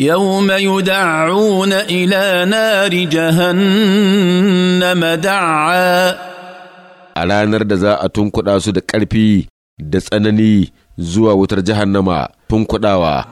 يوم يدعون الى نار جهنم دعا a ranar da za a tunkuɗa su da ƙarfi da tsanani zuwa wutar jahannama tunkuɗawa